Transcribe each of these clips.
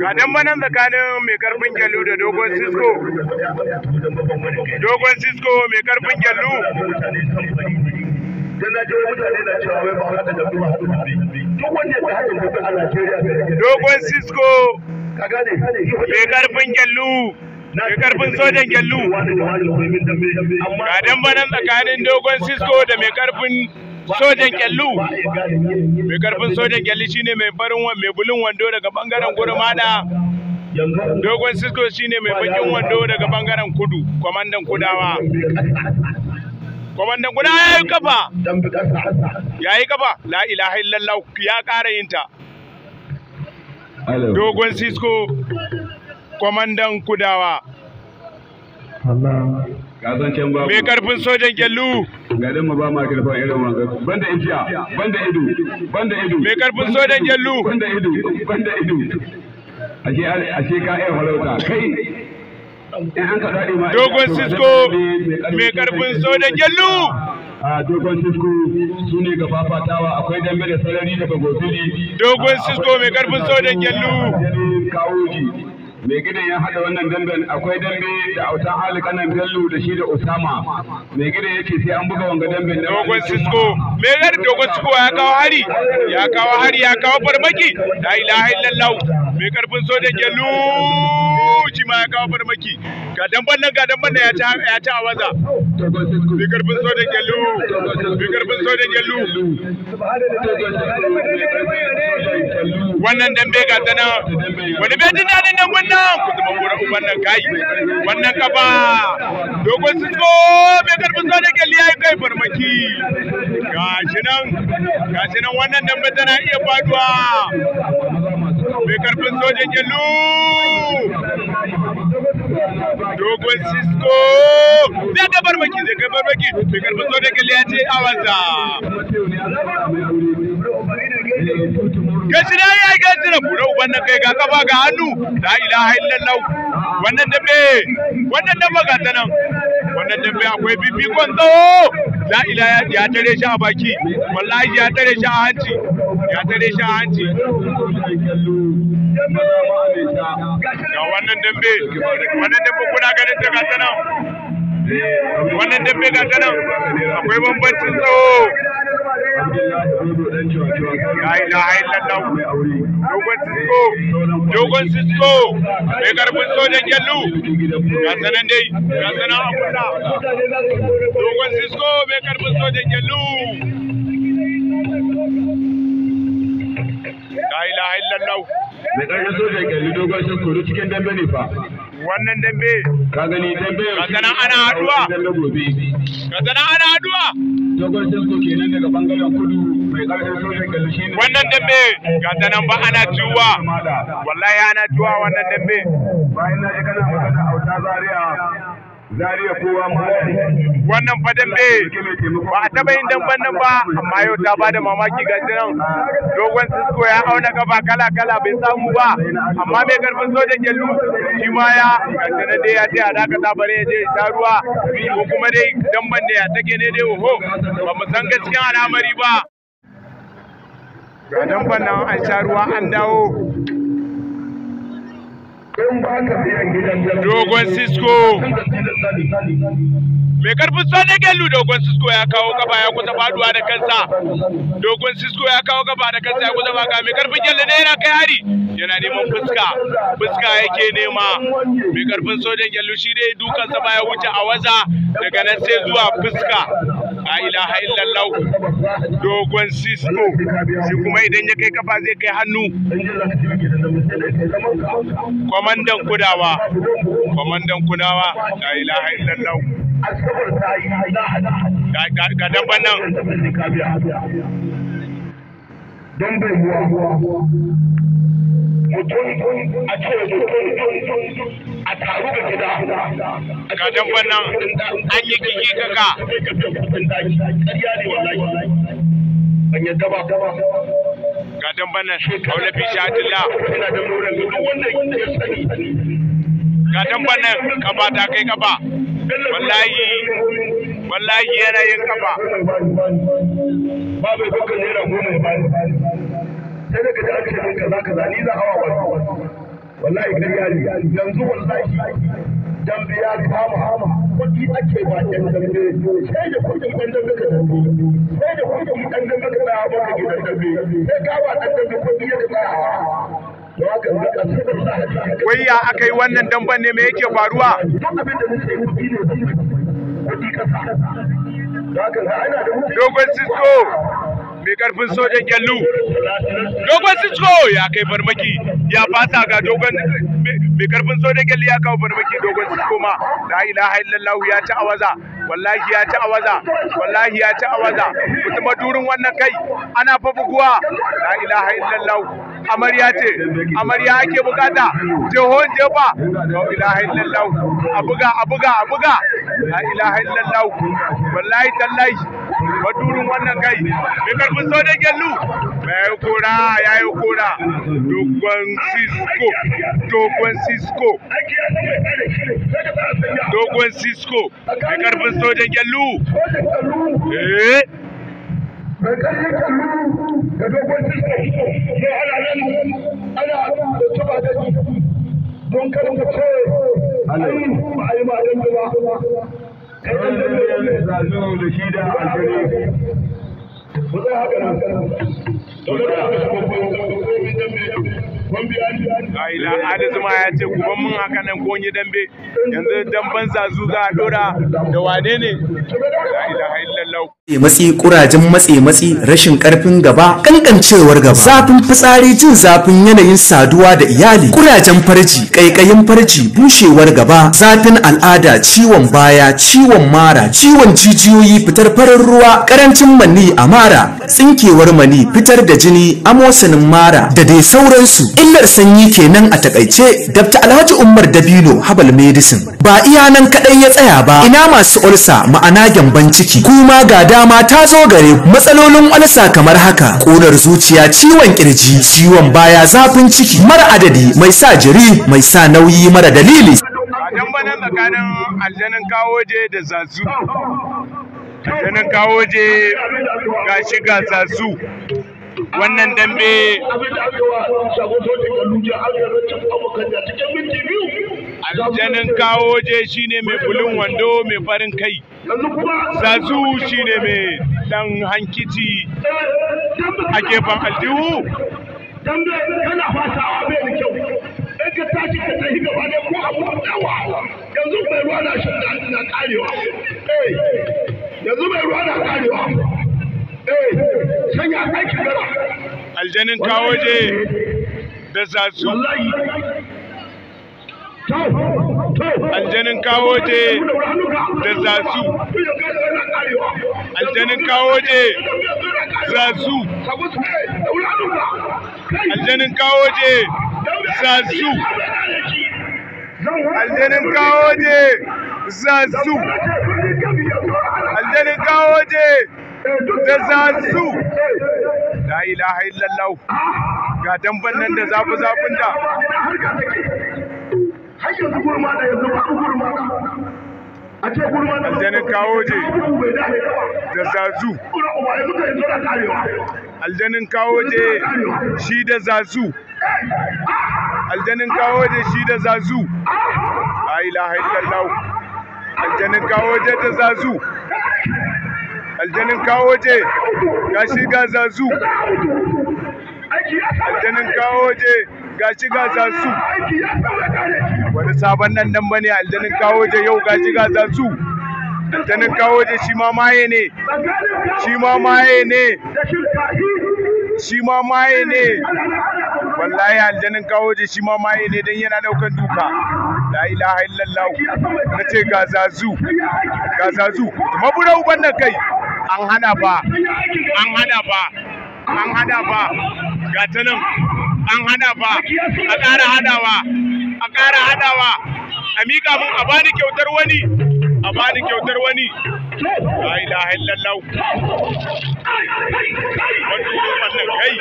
ga dan banan tsakanin mai karfin gyallu da dogon sisko dogon sisko mai karfin gyallu dogon sisko mai karfin gyallu mai karfin sojan gyallu ga dan banan tsakanin dogon sisko da mai karfin sojan kyallu mai karfin sojan kyalli shine mai farin mai bulin wando daga bangaren gurmada dogon sisko shine mai bakin wando daga bangaren kudu kwamandan kudawa kwamandan Kudawa ya yi kafa ya yi kafa la ilaha illallah ya ƙara yin ta dogon sisko kwamandan kudawa Allah kazancen babu mai karfin sojan gyallu garin ma ba ma karfin irin wanga banda ijiya banda ido banda ido me karfin sojan gyallu banda ido banda ido ashe ashe ka iya farauta kai dogon sisko mai karfin sojan gyallu a dogon sisko su ne ga fafatawa akwai dambe da sarari daga gosiri dogon sisko mai karfin sojan gyallu kawoji mai gidan ya haɗa wannan damben akwai dambe da auta hali kanan bello da shi da osama mai ya ce sai an buga wanga dambe. da dogon sisko mai gari dogon Cisco ya kawo hari ya kawo hari ya kawo farmaki la ilaha illallah mai karfin sojan gelu ci ma ya kawo farmaki ga damban nan ga damban nan ya ta ya ta waza mai karfin sojan gelu mai karfin sojan gelu wannan dambe ga tana wani bai jin dadin nan wannan nan kuma wannan kai wannan kafa dogon sisko mai karfin sa da kai farmaki gashi nan gashi nan wannan dambe tana iya faduwa mai karfin sojan gyallu dogon sisko zai ga barbaki zai ga barbaki mai karfin sojan gyallu ya ce awansa gajina ya yi gajina bura uban nan kai ga kafa ga hannu la ilaha illallah wannan dambe wannan dambe ga ta nan wannan dambe akwai fifikon tsawo la ilaha ya tare shi a baki wallahi ya tare shi a hanci ya tare shi a hanci ga wannan dambe wannan dambe kuna ganin ta ga ta nan wannan dambe ga ta nan akwai bambancin tsawo La ilaha illallah. Dogon Cisco. Dogon Cisco. dai. Ga sanan abuta. Dogon Cisco mai karfin sojan La ilaha illallah. Mai karfin dogon cikin dambe ne fa. Wannan dambe. Ka gani dambe. Ka ana haduwa. Ka ana haduwa. kenan daga bangaren kudu mai sojan wannan dambe ga tanan ba ana juwa wallahi ana juwa wannan dambe bayan na shi kana magana auta zaria wannan fadin be ba a taba yin damban nan ba amma yau ta ba da mamaki ga nan dogon sisko ya auna gaba kala kala bai samu ba amma mai karfin sojan gyallu shi ma ya ga dai ya ce a dakata bare ya je sha ruwa ko kuma dai damban da ya take ne dai oho ba mu san gaskiyan al'amari ba ga damban nan an sha ruwa an dawo Dogon Cisco. mai karfin sani gellu dogon sisko ya kawo gaba ya kusa faduwa da kansa dogon sisko ya kawo gaba da kansa ya kusa baka mai karfin gellu ne yana kai hari yana neman fuska fuska yake nema mai karfin sojan gellu shi dai sa baya wuce a waza daga nan sai zuwa fuska la ilaha illallah dogon sisko shi kuma idan ya kai kafa zai kai hannu kwamandan kudawa kwamandan kunawa la ilaha illallah ga dabban nan don bai mutum a ce mutum a taru ga gida ga dabban nan an yi kiki kaka ban yadda ba ga dabban nan kaulafi shi adilla ga damban nan kafa ta kai kafa wallahi wallahi yana yin kafa babu dukkan naira goma ya bani sai daga da ake yin kaza kaza ni za hawa wani wallahi kan yari yanzu wallahi dambe ya kama kudi ake ba ɗan dambe sai da kudi ɗan dambe ka dambe sai da kudi ɗan dambe ka ba ka gidan dambe sai ka ba ɗan dambe kuɗi ya tsaya Wai ya aka yi wannan damban ne mai yake faruwa? Dogon sisko mai karfin sojan gyallu. Dogon sisko ya kai farmaki ya fasa ga dogon mai karfin sojan gyallu ya kawo farmaki dogon sisko ma. La ilaha illallah ya ci awaza. Wallahi ya ci awaza. Wallahi ya ci awaza. Mutum durin wannan kai ana fa buguwa. La ilaha illallah. amarya ce amarya ake bukata jehon jefa la ilaha a buga a buga a buga la ilaha illallah wallahi tallahi madurin wannan kai mai karfin sau da gyallu mai kura ya yi kura dogon cisco dogon cisco dogon cisco mai karfin sau da gyallu eh da dogon fuska sai ana nan ana da tuba da don kar ka ce ai ba ai ma dan ba kai dan da ne zalunci da shi da alheri ko da haka nan to da Gaila ya ce guban mun haka nan ko yi dambe yanzu damben zazu za a dora da wane ne? Gaila haillallau. matsi kurajin matse matsi rashin karfin gaba kankancewar gaba zafin fitsari jin zafin yanayin saduwa da iyali kurajen farji kaikayin farji bushewar gaba zafin al'ada ciwon baya ciwon mara ciwon jijiyoyi fitar farin ruwa karancin mani a mara tsinkewar mani fitar da jini amosanin mara da dai sauransu illar sanyi kenan a takaice dabta alhaji umar dabino habal medicine ba iya nan kadai ya tsaya ba ina masu ulsa ma'ana gyamban ciki kuma ga dama ta zo gare ku matsalolin ulsa kamar haka ƙonar zuciya ciwon kirji ciwon baya zafin ciki mara adadi mai sa jiri mai sa nauyi mara dalili dan bana tsakanin aljanin kawoje da zazu aljanin kawoje ga shi ga zazu wannan dambe aljanin kawoje shine mai bulun wando mai farin kai zazu shine mai dan hankici a gefen aljihu dambe ne mai ruwa na na karewa eh, eh, aljanin kawoje da zazu wallahi aljanin kawo je da zazu aljanin kawo je zazu aljanin kawo je zazu aljanin kawo je zazu aljanin kawo je da zazu la ilaha illallah ga damban nan da zafi zafin da aikin su gurma da yanzu aljanin kawo je da zazu aljanin kawo je shi da zazu aljanin kawo je shi da zazu ilaha aljanin kawo je da zazu aljanin kawo je shi ga zazu aljanin kawo je shi ga zazu wani sabon nan dan bane aljanin kawo je yau gaji ga su aljanin kawo je shi ma maye ne shi ma maye ne shi ma maye ne wallahi aljanin kawo je shi ma maye ne dan yana daukan duka la ilaha illallah nace gazazu gazazu mabura uban nan kai an hada ba an hada ba an hada ba ga tanan an hada ba a ƙara hadawa a ƙara hadawa, a miƙa mun a bani kyautar wani a bani kyautar wani la ilaha illallah wannan wannan kai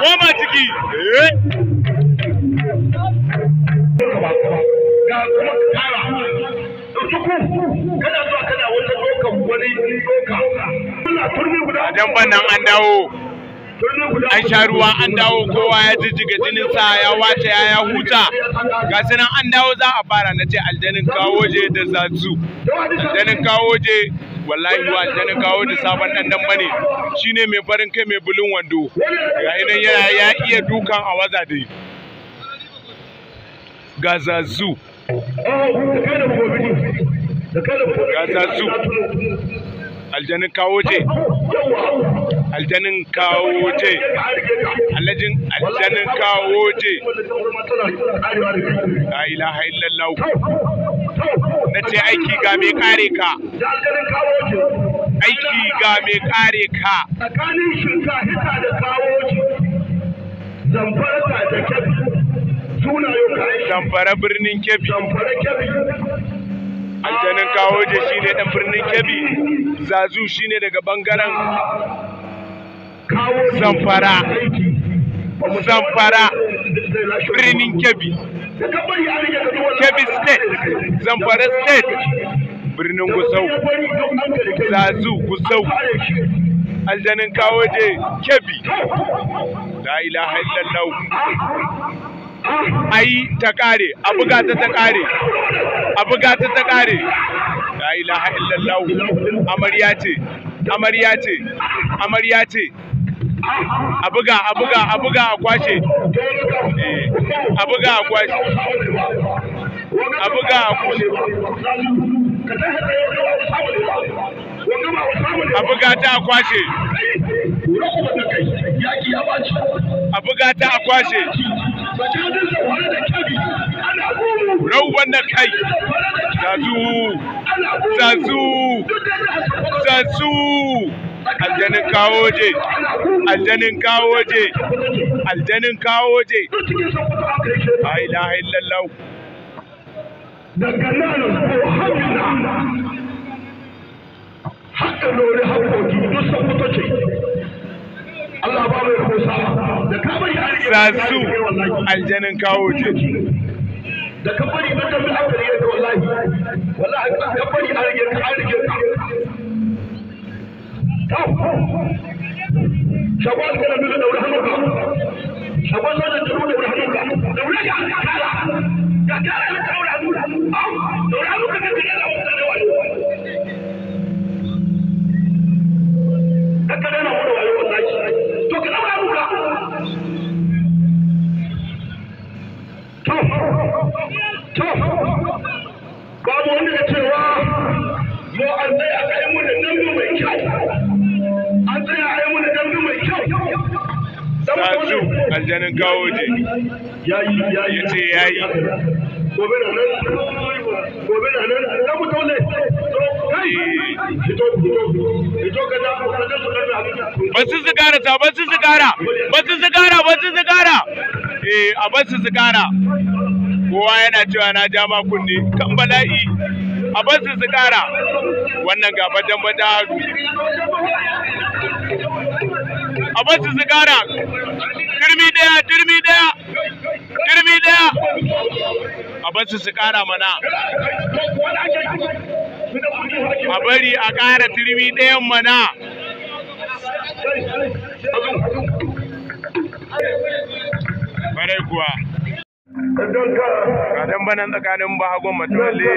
goma ciki Kada eh. zuwa ba wata wani doka. nan an dawo. an sha ruwa an dawo kowa ya jijjiga sa, ya wace ya ya huta ga nan an dawo za a fara na ce aljanin kawo je da zazu aljanin kawo je wallahi wa aljanin kawo da sabon dan dan bane shine mai farin kai mai bulun wando ga nan yaya ya iya dukan a waza dai ga zazu ga zazu aljanin kawo je aljanin kawo je alajin aljanin kawo je la ilaha illallah na ce aiki ga mai kare ka aiki ga mai kare ka tsakanin shinka hita da kawo je zamfarta da kebi sunayen kare zamfara birnin kebi zamfara kebi aljanin kawo je shine dan birnin kebi zazu shine daga bangaren zamfara zamfara birnin kebbi kebbi state zamfara state birnin gusau zazu gusau aljanin kawo je kebbi la ilaha illallah ah, ah, ah. ai ta kare a buga ta ta kare a buga ta ta kare la ilaha illallah amarya ce amarya ce amarya ce a buga a buga a buga a kwashe eh, a buga a kwashe a buga a kwashe a buga ta a kwashe a buga ta a kwashe rauwan da kai zazu zazu zazu aljanin kawo je aljanin kawo je aljanin kawo je a ilaha illallah daga nan ko hatta lori hakoki duk sun fito ce Allah ba mai kusa da ka bari a rike su aljanin kawo je da ka bari ba da bi aka rike ka wallahi wallahi ka bari a rike ka a rike ka shawar da da aljanin kawo je ya ce ya yi gobe na nan gobe na su da basu sigara ta basu sigara basu sigara basu sigara eh a basu sigara kowa yana cewa na ja ma kunni kan bala'i a basu sigara wannan ga badan bada hadu a basu su gara turmi daya turmi daya turmi daya a basu su kara mana a bari a ƙara turmi ɗayan mana Barai kuwa. Kadan banan tsakanin ba bahagon matole.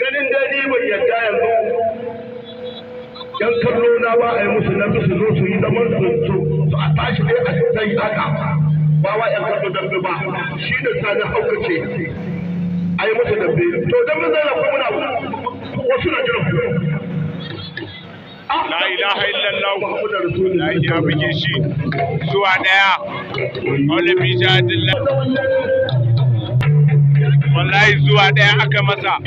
ganin dadi bai yadda yanzu yan kallo na ba a yi musu na su zo su yi zaman su su a tashi dai a sai haka ba wa yan kallo dambe ba shi da sani haukace a yi musu dambe to dambe zai na kuma wasu na jiran ah, kuma la ilaha illallah la ya bige shi zuwa daya wani بيجاد الله wallahi zuwa ɗaya aka masa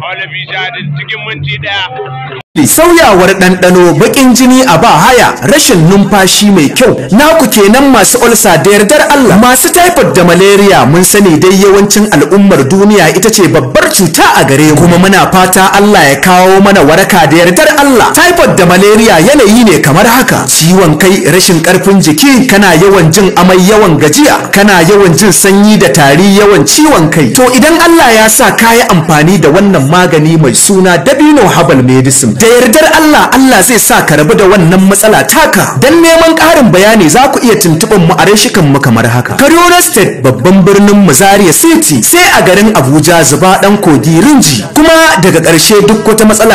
maulabi jadin cikin minti ɗaya sauyawar ɗanɗano baƙin jini a ba haya rashin numfashi mai kyau naku kenan masu olsa da yardar Allah masu typhoid da malaria mun sani dai yawancin al'ummar duniya ita ce babbar cuta a gare mu kuma muna fata Allah ya kawo mana waraka da yardar Allah typhoid da malaria yanayi ne kamar haka ciwon kai rashin ƙarfin jiki kana yawan jin amai yawan gajiya kana yawan jin sanyi da tari yawan ciwon kai to idan Allah ya sa ka amfani da wannan magani mai suna dabino habal medicine da yardar Allah Allah zai sa ka rabu da wannan matsala taka dan neman ƙarin bayani za ku iya tuntuɓa mu a reshikan mu kamar haka Kaduna State babban birnin mu Zaria City sai a garin Abuja zuba dan kogi Rinji kuma daga ƙarshe duk wata matsala